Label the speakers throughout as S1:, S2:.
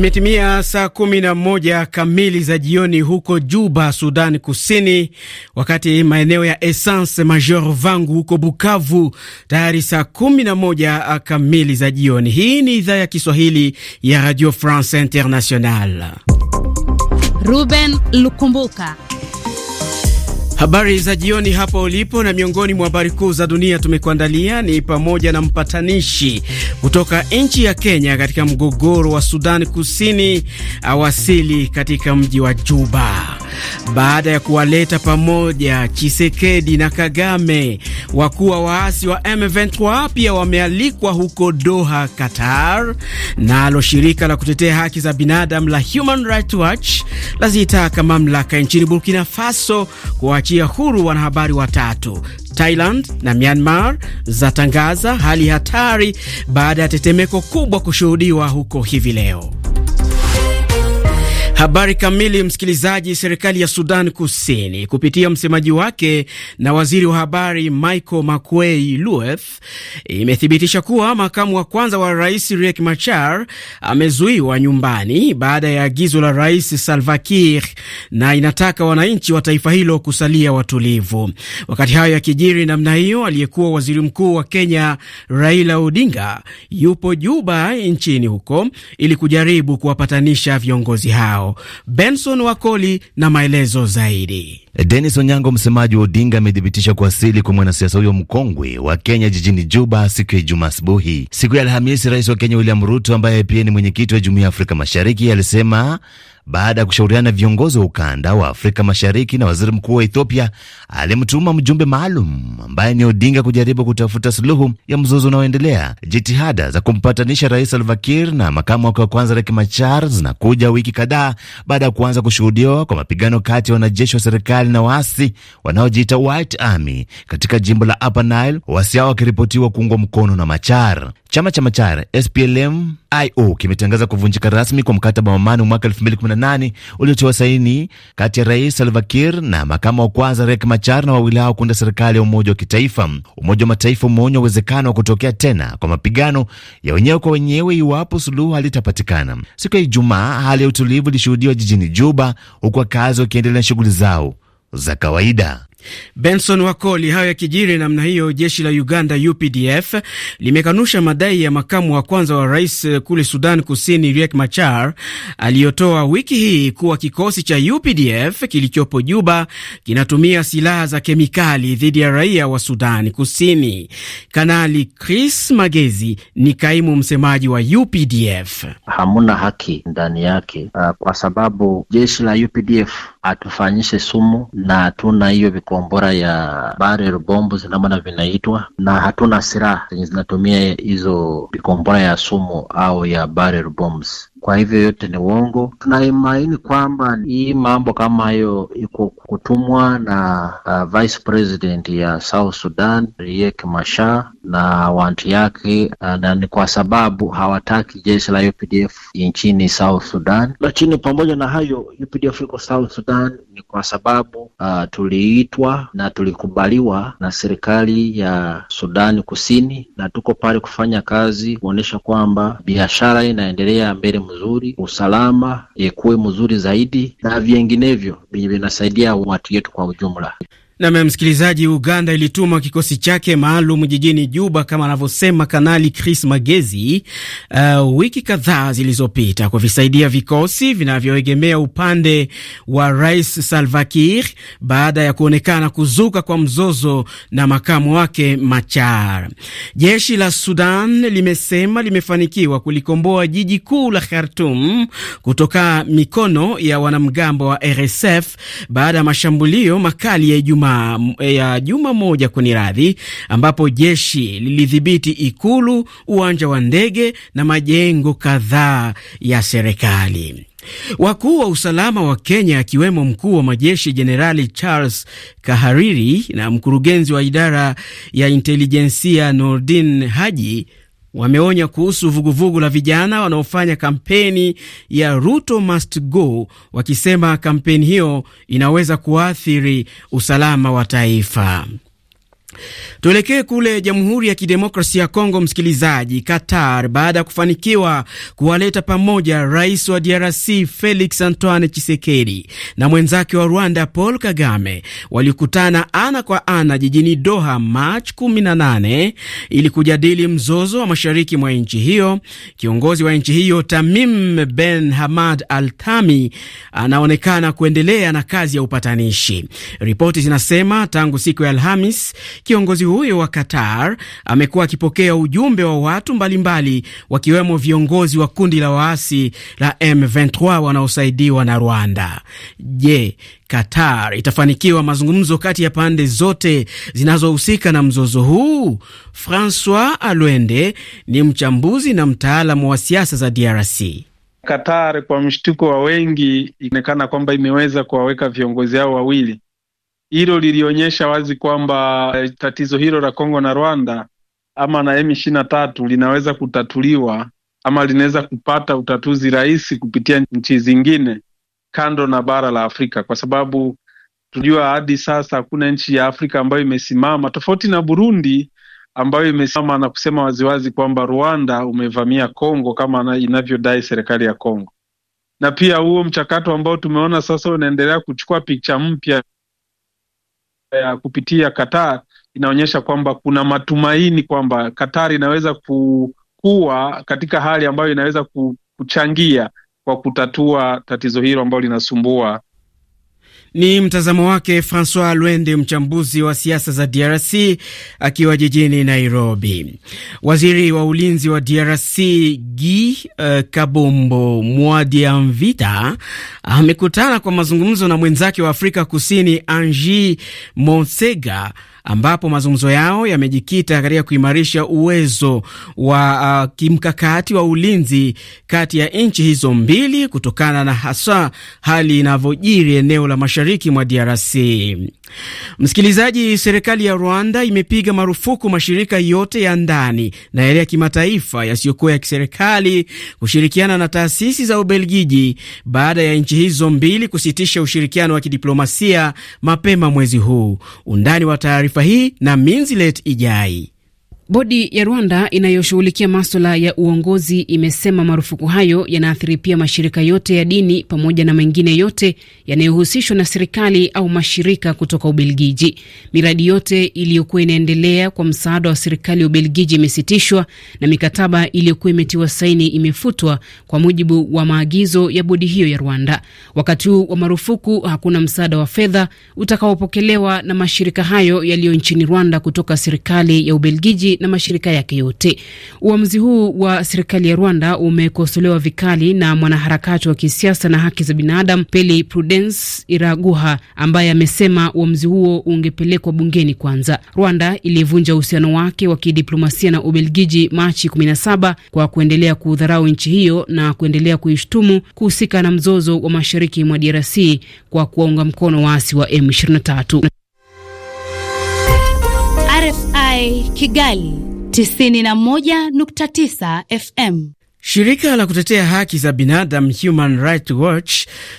S1: Imetimia saa kumi na moja kamili za jioni huko Juba, Sudan Kusini, wakati maeneo ya Essence Major Vangu huko Bukavu tayari saa kumi na moja kamili za jioni. Hii ni idhaa ya Kiswahili ya Radio France international
S2: Ruben Lukumbuka
S1: Habari za jioni hapo ulipo, na miongoni mwa habari kuu za dunia tumekuandalia ni pamoja na mpatanishi kutoka nchi ya Kenya katika mgogoro wa Sudan Kusini awasili katika mji wa Juba baada ya kuwaleta pamoja Chisekedi na Kagame. Wakuu wa waasi wa M23 pia wamealikwa huko Doha, Qatar. Nalo na shirika la kutetea haki za binadamu la Human Rights Watch lazitaka mamlaka nchini Burkina Faso kuwaachia huru wanahabari watatu. Thailand na Myanmar zatangaza hali hatari baada ya tetemeko kubwa kushuhudiwa huko hivi leo. Habari kamili, msikilizaji. Serikali ya Sudan Kusini kupitia msemaji wake na waziri wa habari Michael Makuei Lueth imethibitisha kuwa makamu wa kwanza wa rais Riek Machar amezuiwa nyumbani baada ya agizo la rais Salva Kiir, na inataka wananchi wa taifa hilo kusalia watulivu. Wakati hayo yakijiri namna hiyo, aliyekuwa waziri mkuu wa Kenya Raila Odinga yupo Juba nchini huko ili kujaribu kuwapatanisha viongozi hao. Benson Wakoli na maelezo zaidi.
S3: Denis Onyango, msemaji wa Odinga, amethibitisha kuwasili kwa mwanasiasa huyo mkongwe wa Kenya jijini Juba siku ya Ijumaa asubuhi. Siku ya Alhamisi, rais wa Kenya William Ruto, ambaye pia ni mwenyekiti wa Jumuiya ya Afrika Mashariki, alisema baada ya kushauriana viongozi wa ukanda wa Afrika Mashariki na waziri mkuu wa Ethiopia alimtuma mjumbe maalum ambaye ni Odinga kujaribu kutafuta suluhu ya mzozo unaoendelea. Jitihada za kumpatanisha Rais Salva Kiir na makamu wake wa kwanza Riek Machar zinakuja wiki kadhaa baada ya kuanza kushuhudiwa kwa mapigano kati ya wanajeshi wa serikali na waasi wanaojiita White Army katika jimbo la Upper Nile, waasi hao wakiripotiwa kuungwa mkono na Machar. Chama cha Machar SPLM IO kimetangaza kuvunjika rasmi kwa mkataba wa amani mwaka 2018 uliotiwa saini kati ya Rais Salva Kiir na makamu wa kwanza Riek Machar na wawili hao kuunda serikali ya umoja wa kitaifa. Umoja wa Mataifa umeonya uwezekano wa kutokea tena kwa mapigano ya wenyewe kwa wenyewe iwapo suluhu halitapatikana. Siku ya Ijumaa, hali ya utulivu ilishuhudiwa jijini Juba, huku wakazi wakiendelea na shughuli zao za
S1: kawaida. Benson Wakoli. Hayo kijiri namna hiyo, jeshi la Uganda UPDF limekanusha madai ya makamu wa kwanza wa rais eh, kule Sudan Kusini Riek Machar aliyotoa wiki hii kuwa kikosi cha UPDF kilichopo Juba kinatumia silaha za kemikali dhidi ya raia wa Sudan Kusini. Kanali Chris Magezi ni kaimu msemaji wa UPDF.
S4: Hamuna haki ndani yake, uh, kwa sababu jeshi la UPDF atufanyishe sumu, na hatuna hiyo vikombora ya barrel bombs namna vinaitwa, na hatuna silaha zenye zinatumia hizo vikombora ya sumu au ya barrel bombs. Kwa hivyo yote ni uongo. Tunaimaini kwamba hii mambo kama hayo iko kutumwa na uh, Vice President ya South Sudan Riek Machar na wanti yake uh, na ni kwa sababu hawataki jeshi la UPDF nchini South Sudan. Lakini pamoja na hayo, UPDF iko South Sudan ni kwa sababu uh, tuliitwa na tulikubaliwa na serikali ya Sudani Kusini, na tuko pale kufanya kazi kuonyesha kwamba biashara inaendelea mbele mzuri, usalama ikuwe mzuri zaidi na vinginevyo vinasaidia watu yetu kwa ujumla.
S1: Nam msikilizaji, Uganda ilituma kikosi chake maalum jijini Juba kama anavyosema Kanali Chris Magezi, uh, wiki kadhaa zilizopita kuvisaidia vikosi vinavyoegemea upande wa Rais Salva Kiir baada ya kuonekana kuzuka kwa mzozo na makamu wake Machar. Jeshi la Sudan limesema limefanikiwa kulikomboa jiji kuu la Khartum kutoka mikono ya wanamgambo wa RSF baada ya mashambulio makali ya Ijumaa juma ya juma moja kwenye radhi, ambapo jeshi lilidhibiti ikulu, uwanja wa ndege na majengo kadhaa ya serikali. Wakuu wa usalama wa Kenya akiwemo mkuu wa majeshi Jenerali Charles Kahariri na mkurugenzi wa idara ya intelijensia Nordin Haji wameonya kuhusu vuguvugu la vijana wanaofanya kampeni ya Ruto must go, wakisema kampeni hiyo inaweza kuathiri usalama wa taifa. Tuelekee kule Jamhuri ya Kidemokrasia ya Kongo, msikilizaji. Qatar, baada ya kufanikiwa kuwaleta pamoja rais wa DRC Felix Antoine chisekedi na mwenzake wa Rwanda Paul Kagame, walikutana ana kwa ana jijini Doha Machi 18 ili kujadili mzozo wa mashariki mwa nchi hiyo. Kiongozi wa nchi hiyo Tamim Ben Hamad Al Thani anaonekana kuendelea na kazi ya upatanishi. Ripoti zinasema tangu siku ya Alhamis Kiongozi huyo wa Qatar amekuwa akipokea ujumbe wa watu mbalimbali, wakiwemo viongozi wa kundi la waasi la M23 wanaosaidiwa na Rwanda. Je, Qatar itafanikiwa mazungumzo kati ya pande zote zinazohusika na mzozo huu? Francois Alwende ni mchambuzi na mtaalamu wa siasa za DRC.
S5: Qatar kwa mshtuko wa wengi, inaonekana kwamba imeweza kuwaweka viongozi hao wawili hilo lilionyesha wazi kwamba eh, tatizo hilo la Kongo na Rwanda ama na M ishirini na tatu linaweza kutatuliwa ama linaweza kupata utatuzi rahisi kupitia nchi zingine kando na bara la Afrika, kwa sababu tunajua hadi sasa hakuna nchi ya Afrika ambayo imesimama tofauti na Burundi ambayo imesimama na kusema waziwazi kwamba Rwanda umevamia Kongo kama inavyodai serikali ya Kongo. Na pia huo mchakato ambao tumeona sasa unaendelea kuchukua picha mpya ya kupitia Qatar inaonyesha kwamba kuna matumaini kwamba Qatar inaweza kuwa katika hali ambayo inaweza kuchangia kwa kutatua tatizo hilo ambalo linasumbua
S1: ni mtazamo wake Francois Lwende, mchambuzi wa siasa za DRC akiwa jijini Nairobi. Waziri wa ulinzi wa DRC Guy uh, Kabombo Mwadiamvita amekutana kwa mazungumzo na mwenzake wa Afrika Kusini Angie Monsega ambapo mazungumzo yao yamejikita katika kuimarisha uwezo wa uh, kimkakati wa ulinzi kati ya nchi hizo mbili kutokana na hasa hali inavyojiri eneo la mashariki mwa DRC. Msikilizaji, serikali ya Rwanda imepiga marufuku mashirika yote ya ndani na yale ya kimataifa yasiyokuwa ya kiserikali kushirikiana na taasisi za Ubelgiji baada ya nchi hizo mbili kusitisha ushirikiano wa kidiplomasia mapema mwezi huu. Undani wa taarifa hii na Minzilet Ijai.
S2: Bodi ya Rwanda inayoshughulikia maswala ya uongozi imesema marufuku hayo yanaathiri pia mashirika yote ya dini pamoja na mengine yote yanayohusishwa na serikali au mashirika kutoka Ubelgiji. Miradi yote iliyokuwa inaendelea kwa msaada wa serikali ya Ubelgiji imesitishwa na mikataba iliyokuwa imetiwa saini imefutwa kwa mujibu wa maagizo ya bodi hiyo ya Rwanda. Wakati huu wa marufuku, hakuna msaada wa fedha utakaopokelewa na mashirika hayo yaliyo nchini Rwanda kutoka serikali ya Ubelgiji na mashirika yake yote. Uamuzi huu wa serikali ya Rwanda umekosolewa vikali na mwanaharakati wa kisiasa na haki za binadamu Peli Prudence Iraguha ambaye amesema uamuzi huo ungepelekwa bungeni kwanza. Rwanda ilivunja uhusiano wake wa kidiplomasia na Ubelgiji Machi 17 kwa kuendelea kudharau nchi hiyo na kuendelea kuishtumu kuhusika na mzozo wa mashariki mwa DRC kwa kuwaunga mkono waasi wa M23. RFI Kigali 91.9 FM.
S1: Shirika la kutetea haki za binadamu Human Rights Watch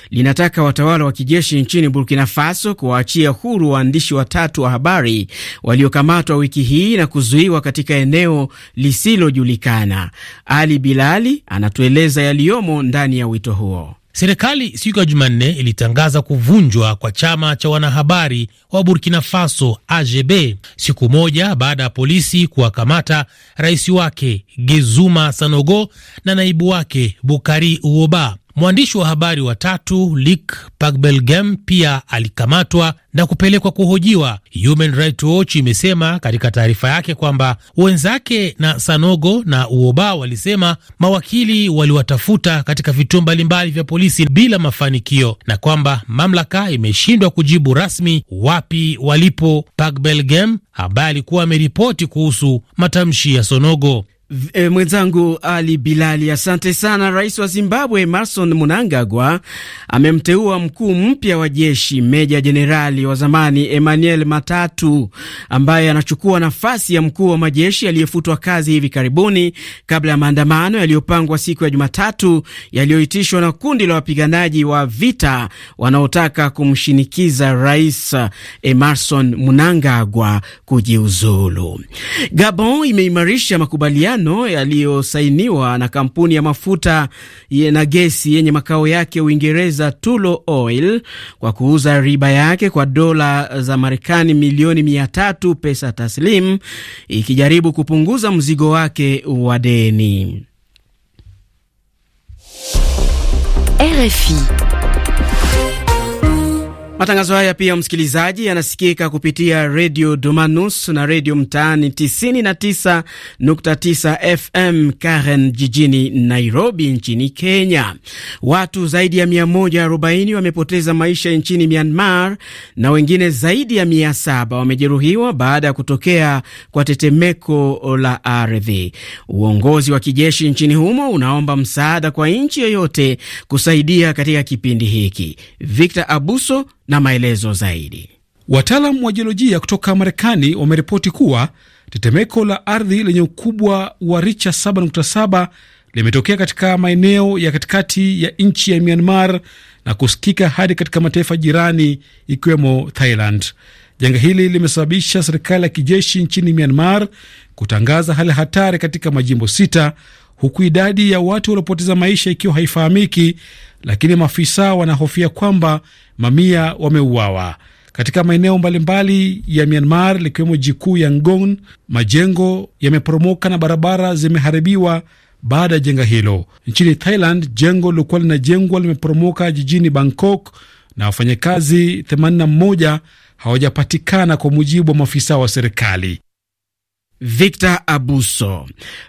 S1: linataka watawala wa kijeshi nchini Burkina Faso kuwaachia huru waandishi watatu wa habari waliokamatwa wiki hii na kuzuiwa katika eneo lisilojulikana. Ali Bilali anatueleza yaliyomo ndani ya wito huo.
S5: Serikali siku ya Jumanne ilitangaza kuvunjwa kwa chama cha wanahabari wa Burkina Faso AGB siku moja baada ya polisi kuwakamata rais wake Gezuma Sanogo na naibu wake Bukari Uoba. Mwandishi wa habari watatu Lik Pagbelgem pia alikamatwa na kupelekwa kuhojiwa. Human Rights Watch imesema katika taarifa yake kwamba wenzake na Sanogo na Uoba walisema mawakili waliwatafuta katika vituo mbalimbali vya polisi bila mafanikio, na kwamba mamlaka imeshindwa kujibu rasmi wapi walipo Pagbelgem ambaye alikuwa ameripoti kuhusu matamshi ya Sonogo.
S1: E, mwenzangu Ali Bilali, asante sana. Rais wa Zimbabwe Emmerson Mnangagwa amemteua mkuu mpya wa jeshi meja jenerali wa zamani Emmanuel Matatu ambaye anachukua nafasi ya mkuu wa majeshi aliyefutwa kazi hivi karibuni kabla ya maandamano yaliyopangwa siku ya Jumatatu yaliyoitishwa na kundi la wapiganaji wa vita wanaotaka kumshinikiza Rais Emmerson eh, Mnangagwa kujiuzulu. Gabon imeimarisha makubaliano makubaliano yaliyosainiwa na kampuni ya mafuta na gesi yenye makao yake Uingereza, Tullow Oil, kwa kuuza riba yake kwa dola za Marekani milioni mia tatu pesa taslim, ikijaribu kupunguza mzigo wake wa deni. RFI Matangazo haya pia, msikilizaji, yanasikika kupitia redio Domanus na redio Mtaani 99.9 FM Karen jijini Nairobi nchini Kenya. Watu zaidi ya 140 wamepoteza maisha nchini Myanmar na wengine zaidi ya 700 wamejeruhiwa baada ya kutokea kwa tetemeko la ardhi. Uongozi wa kijeshi nchini humo unaomba msaada kwa nchi yoyote kusaidia katika kipindi hiki. Victor Abuso na maelezo zaidi. Wataalam
S5: wa jiolojia kutoka Marekani wameripoti kuwa tetemeko la ardhi lenye ukubwa wa richa 7.7 limetokea katika maeneo ya katikati ya nchi ya Myanmar na kusikika hadi katika mataifa jirani ikiwemo Thailand. Janga hili limesababisha serikali ya kijeshi nchini Myanmar kutangaza hali hatari katika majimbo sita, huku idadi ya watu waliopoteza maisha ikiwa haifahamiki, lakini maafisa wanahofia kwamba mamia wameuawa katika maeneo mbalimbali ya Myanmar likiwemo jikuu ya Yangon. Majengo yameporomoka na barabara zimeharibiwa baada ya jenga hilo. Nchini Thailand, jengo lilikuwa linajengwa limeporomoka jijini Bangkok na wafanyakazi 81 hawajapatikana kwa mujibu wa maafisa wa serikali. Victor Abuso.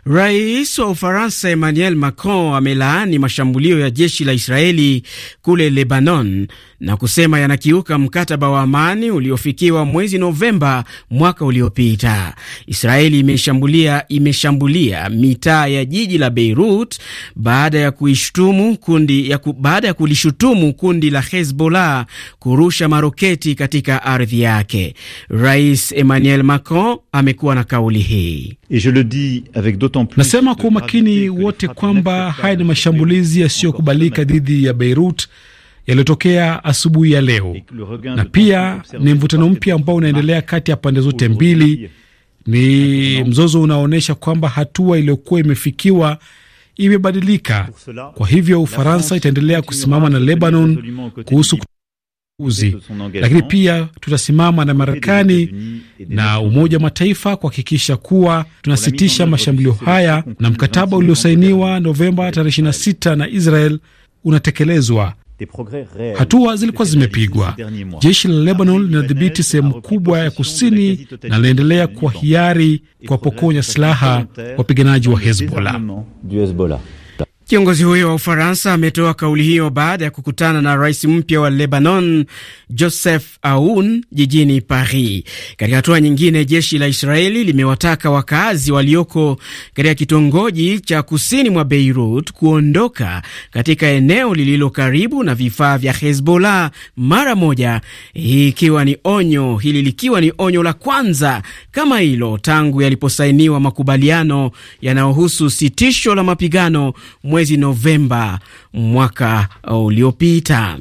S1: Rais wa Ufaransa Emmanuel Macron amelaani mashambulio ya jeshi la Israeli kule Lebanon na kusema yanakiuka mkataba wa amani uliofikiwa mwezi Novemba mwaka uliopita. Israeli imeshambulia imeshambulia mitaa ya jiji la Beirut baada ya kuishutumu kundi ya ku, baada ya kulishutumu kundi la Hezbollah kurusha maroketi katika ardhi yake. Rais Emmanuel Macron amekuwa na kauli sahihi.
S5: Nasema kwa umakini wote kwamba haya ni mashambulizi yasiyokubalika dhidi ya Beirut yaliyotokea asubuhi ya leo, na pia ni mvutano mpya ambao unaendelea kati ya pande zote mbili. Ni mzozo unaonyesha kwamba hatua iliyokuwa imefikiwa imebadilika. Kwa hivyo Ufaransa itaendelea kusimama na Lebanon kuhusu
S3: uchaguzi. Lakini pia
S5: tutasimama na Marekani na Umoja wa Mataifa kuhakikisha kuwa tunasitisha mashambulio haya na mkataba uliosainiwa Novemba tarehe 26 na Israel unatekelezwa. Hatua zilikuwa zimepigwa. Jeshi la Lebanon linadhibiti sehemu kubwa ya kusini na linaendelea kwa hiari kuwapokonya silaha wapiganaji wa Hezbollah. Kiongozi huyo wa Ufaransa ametoa kauli hiyo
S1: baada ya kukutana na rais mpya wa Lebanon Joseph Aoun jijini Paris. Katika hatua nyingine, jeshi la Israeli limewataka wakaazi walioko katika kitongoji cha kusini mwa Beirut kuondoka katika eneo lililo karibu na vifaa vya Hezbollah mara moja, hii ikiwa ni onyo, hili likiwa ni onyo la kwanza kama hilo tangu yaliposainiwa makubaliano yanayohusu sitisho la mapigano mwe mwezi Novemba mwaka uliopita.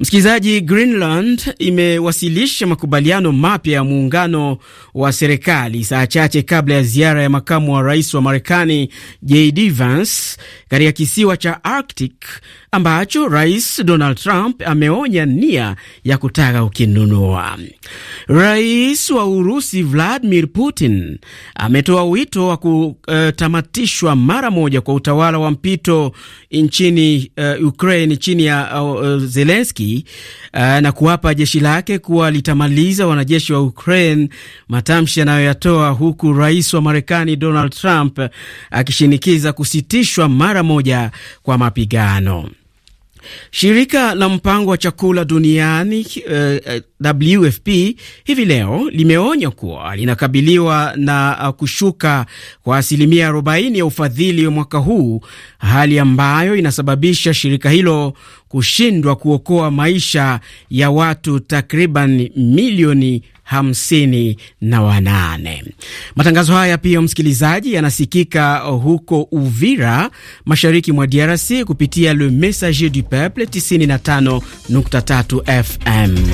S1: Msikilizaji, Greenland imewasilisha makubaliano mapya ya muungano wa serikali saa chache kabla ya ziara ya makamu wa rais wa Marekani JD Vance katika kisiwa cha Arctic ambacho Rais Donald Trump ameonya nia ya kutaka kukinunua. Rais wa Urusi Vladimir Putin ametoa wito wa kutamatishwa mara moja kwa utawala wa mpito nchini uh, Ukraine chini ya uh, uh Zelenski uh, na kuwapa jeshi lake kuwa litamaliza wanajeshi wa Ukraine, matamshi yanayoyatoa huku rais wa Marekani Donald Trump akishinikiza kusitishwa mara moja kwa mapigano. Shirika la mpango wa chakula duniani uh, eh, eh, WFP hivi leo limeonya kuwa linakabiliwa na uh, kushuka kwa asilimia 40 ya ufadhili wa mwaka huu, hali ambayo inasababisha shirika hilo kushindwa kuokoa maisha ya watu takriban milioni hamsini na wanane. Matangazo haya pia, msikilizaji, yanasikika huko Uvira, mashariki mwa DRC kupitia Le Messager du Peuple 95.3 FM.